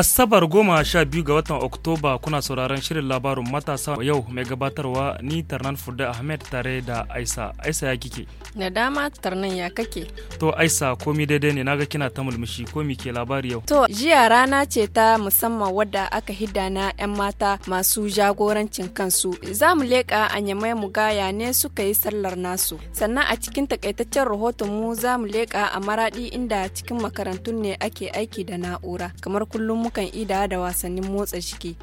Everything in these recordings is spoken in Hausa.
Asabar goma sha biyu ga watan Oktoba kuna sauraron shirin labarin matasa yau mai gabatarwa ni Tarnan fudda Ahmed tare da Aisa. Aisa ya kike? Na dama Tarnan ya kake. To Aisa komi daidai ne naga kina ta mulmushi komi ke labari yau. To jiya rana ce ta musamman wadda aka hidana na 'yan mata masu jagorancin kansu. Za mu leƙa anyamai mu gaya ne suka yi sallar nasu. Sannan a cikin takaitaccen rahoton mu za mu leƙa a maraɗi inda cikin makarantun ne ake aiki da na'ura. Kamar kullum mukan ida da wasannin motsa jiki.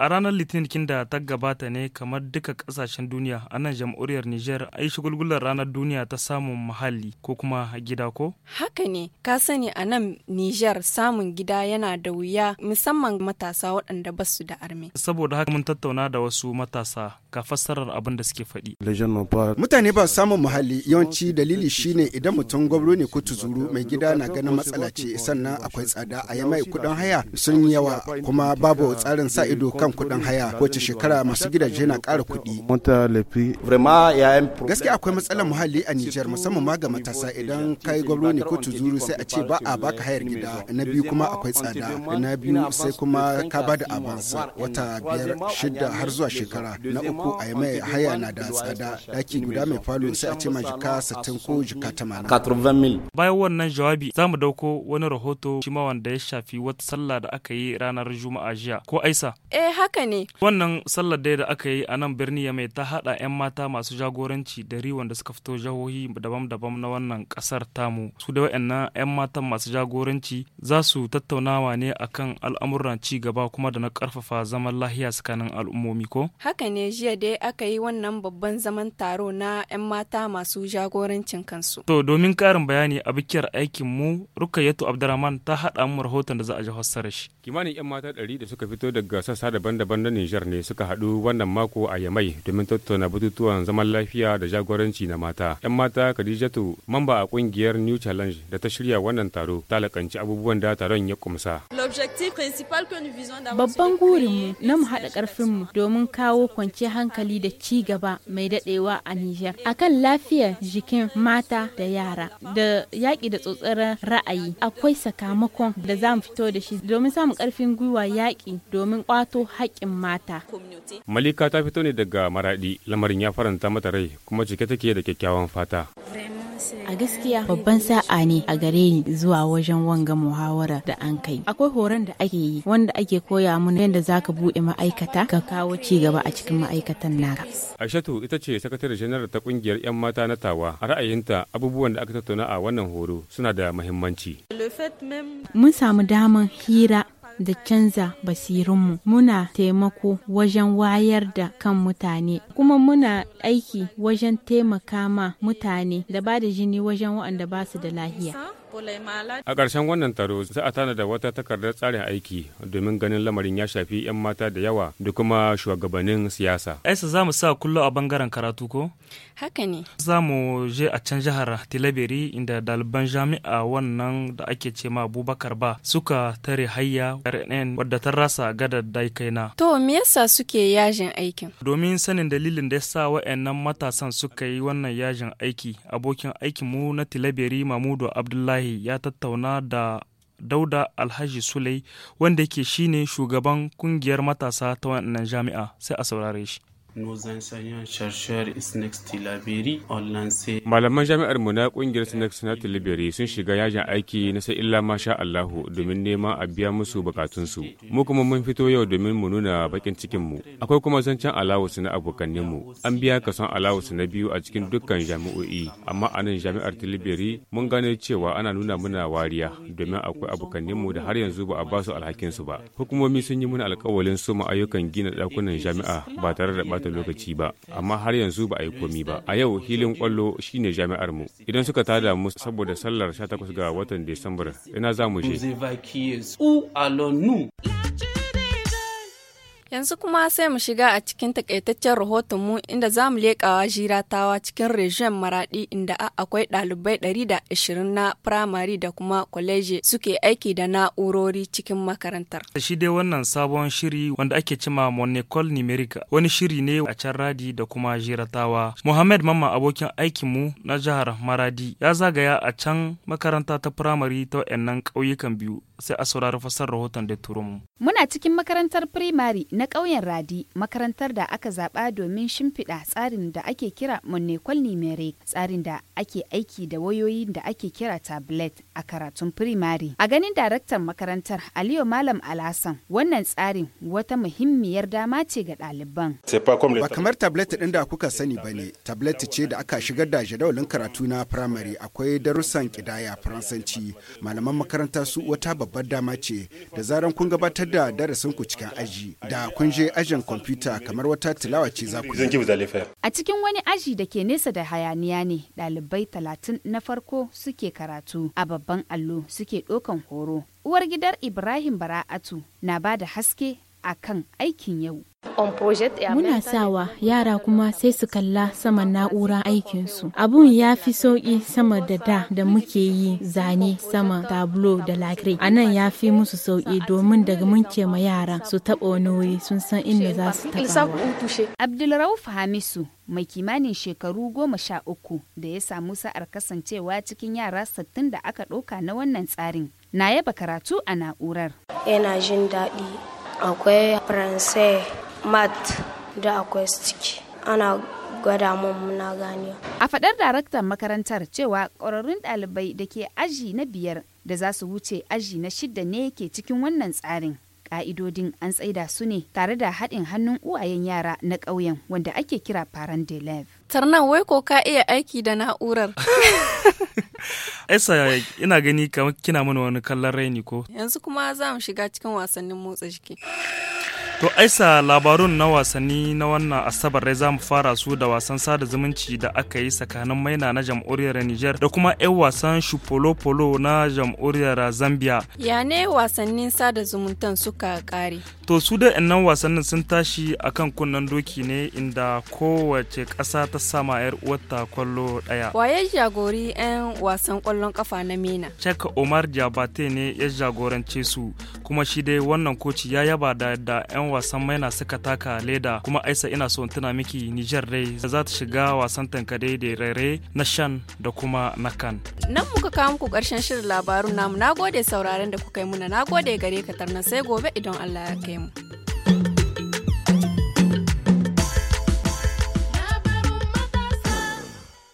a ranar litinin da ta gabata ne kamar duka kasashen duniya a nan jam'uriyar niger a yi ranar duniya ta samun muhalli ko kuma gida ko haka ne ka sani a nan niger samun gida yana da wuya musamman matasa waɗanda ba su da arme saboda haka mun tattauna da wasu matasa ga fassarar abin da suke faɗi mutane ba samun muhalli yawanci dalili shine idan mutum gwamnati ne ko tuzuru mai gida na ganin matsala ce sannan akwai tsada a yamai kuɗin haya sun yawa kuma babu tsarin sa ido kan kan kuɗin haya kowace shekara masu gidaje na ƙara kuɗi. Gaskiya akwai matsalar muhalli a Nijar musamman ma ga matasa idan kai gwamnati ne ko tuzuru sai a ce ba a baka hayar gida na biyu kuma akwai tsada na biyu sai kuma ka ba da abansa wata biyar shida har zuwa shekara na uku a yi mai haya na da tsada daki guda mai falo sai a ce ma jika satin ko jika tamanin. Bayan wannan jawabi za mu dauko wani rahoto shi ma wanda ya shafi wata sallah da aka yi ranar Juma'a jiya ko Aisa. Eh a haka ne. Wannan sallar dai da aka yi a nan birni ya mai ta haɗa 'yan mata masu jagoranci da riwon da suka fito jahohi daban-daban na wannan ƙasar tamu. Su da wa'annan 'yan matan masu jagoranci za su tattaunawa ne a kan al'amuran ci gaba kuma da na karfafa zaman lahiya tsakanin al'ummomi ko? Haka ne jiya dai aka yi wannan babban zaman taro na 'yan mata masu jagorancin kansu. To domin karin bayani a bikiyar aikin mu Rukayyatu Abdurrahman ta haɗa mu rahoton da za a ji hassara shi. Kimanin 'yan mata ɗari da suka fito daga sassa daban-daban na Nijar ne suka haɗu wannan mako a Yamai domin tattauna batutuwan zaman lafiya da jagoranci na mata. 'Yan mata Khadijatu mamba a ƙungiyar New Challenge da ta shirya wannan taro ta lakanci abubuwan da taron ya kumsa. Babban gurinmu na mu haɗa ƙarfinmu domin kawo kwanci hankali da ci gaba mai daɗewa a Nijar akan lafiyar jikin mata da yara da yaƙi da tsotsarar ra'ayi akwai sakamakon da za mu fito da shi domin samun ƙarfin gwiwa yaƙi domin ƙwato haƙƙin mata. Malika ta fito ne daga Maraɗi, lamarin ya faranta mata rai kuma cike take da kyakkyawan fata. a gaskiya babban sa'a ne a gare ni zuwa wajen wanga muhawara da an kai akwai horon da ake yi wanda ake koya mana yadda za ka buɗe ma'aikata ka kawo ci gaba a cikin ma'aikatan naka aishatu ita ce sakatare janar ta kungiyar yan mata na tawa a ra'ayinta abubuwan da aka tattauna a wannan horo suna da muhimmanci mun samu daman hira da canza basirinmu muna taimako wajen wayar da kan mutane kuma muna aiki wajen taimaka ma mutane da ba da jini wajen waɗanda ba su da lahiya. A ƙarshen wannan taro za a tanada wata takardar tsarin aiki domin ganin lamarin ya shafi 'yan mata da yawa da kuma shugabannin siyasa. Aisa za mu sa kullo a bangaren karatu ko? Haka ne. Za mu je a can jihar Tilaberi inda ɗaliban jami'a wannan da ake ce ma Abubakar ba suka tare hayya RNN wadda ta rasa gadar kaina. To me yasa suke yajin aikin? Domin sanin dalilin da yasa wa'annan matasan suka yi wannan yajin aiki abokin aikinmu na Tilaberi Mamudu Abdullahi abdullahi ya tattauna da dauda alhaji sulai wanda yake shine shugaban kungiyar matasa ta wannan jami'a sai a saurare shi Nos enseignants chercheurs Tilaberi ont lancé Malaman jami'ar mu na kungiyar SNEX na Tilaberi sun shiga yajin aiki na sai illa masha Allahu domin nema a biya musu bukatun su. Mu kuma mun fito yau domin mu nuna bakin cikin mu. Akwai kuma zancen alawus na abokannin mu. An biya kason alawus na biyu a cikin dukkan jami'o'i amma a nan jami'ar Tilaberi mun gane cewa ana nuna muna wariya domin akwai abokannin mu da har yanzu ba a basu alhakinsu alhakin su ba. Hukumomi sun yi muna alƙawalin soma ayyukan gina dakunan jami'a ba tare da bata lokaci ba amma har yanzu ba a yi komi ba a yau hilin kwallo shine jami'ar mu idan suka tada mu saboda sallar 18 ga watan Desambar ina za mu je Yanzu kuma sai mu shiga a cikin takaitaccen mu inda za mu leƙawa jiratawa cikin region Maraɗi inda akwai ɗalibai 120 na firamare da kuma kwaleji suke aiki da na'urori cikin makarantar. Shi dai wannan sabon shiri wanda ake cima Monecol Numerica wani shiri ne a can radi da kuma jiratawa. Muhammad Mamma abokin aikinmu na jihar Maradi ya zagaya a can makaranta ta firamare ta wayannan ƙauyukan biyu sai a saurari fasar rahoton da turo mu. Muna cikin makarantar firamare. na ƙauyen Radi makarantar da aka zaɓa domin shimfiɗa tsarin da ake kira Monekol Nimere tsarin da ake aiki da wayoyin da ake kira tablet a karatun firimare. A ganin daraktan makarantar Aliyu Malam Alhassan wannan tsarin wata muhimmiyar dama ce ga ɗaliban. Ba kamar tablet ɗin da kuka sani ba ne, tablet ce da aka shigar da jadawalin karatu na firamare akwai darussan ƙidaya Faransanci. Malaman makaranta su wata babbar dama ce da zaran kun gabatar da darasin ku cikin aji da kun je ajin kwamfuta kamar wata tilawa ce za ku A cikin wani aji da ke nesa da hayaniya ne ɗalibai talatin na farko suke karatu a babban allo suke ɗaukan horo. Uwar gidar Ibrahim Bara'atu na ba da haske a kan aikin yau. Muna sawa yara kuma sai su kalla saman na'ura aikinsu. Abun ya fi sauƙi sama da da da muke yi zane sama tablo da lakri A nan ya fi musu sauƙi domin daga munke ma yara su taɓa wani wuri sun san inda za su taɓa. Abdulrauf Hamisu mai kimanin shekaru goma sha uku da ya samu sa'ar kasancewa cikin yara sattin da aka ɗauka na wannan tsarin. Na yaba karatu a na'urar. Yana jin daɗi. Akwai Faransai mat da acoustic ana gwada mun muna gane. A faɗar daraktan makarantar cewa ƙwararrun ɗalibai da ke aji na biyar da za su wuce aji na shidda ne ke cikin wannan tsarin. Ƙa'idodin an tsaida su ne tare da haɗin hannun uwayen yara na ƙauyen wanda ake kira faran de Lev. Tarnan wai ko ka iya aiki da na'urar. Aisa ina gani kina mana wani kallon raini ko? Yanzu kuma za mu shiga cikin wasannin motsa jiki. To aisa labarun na wasanni na wannan asabar dai mu fara su da wasan sada zumunci da aka yi tsakanin maina na jam'uriyar Niger da kuma 'yan wasan shupolopolo na jam'uriyar Zambia. Ya ne wasannin sada zumuntan suka kare? To su da nan wasannin sun tashi akan kunnen doki ne inda kowace ƙasa ta sama 'yar uwarta kwallo ɗaya. Waye jagori 'yan wasan kwallon kafa na Mena? Cheka Omar Jabate ne ya jagorance su kuma shi dai wannan koci ya yaba da 'yan 'yan wasan maina suka taka leda kuma aisa ina so tuna miki Nijar dai za ta shiga wasan tankade da rere na shan da kuma na kan. Nan muka kawo muku karshen shirin labarun namu gode sauraron da kuka yi muna gode gare ka tarna sai gobe idan Allah ya kai mu.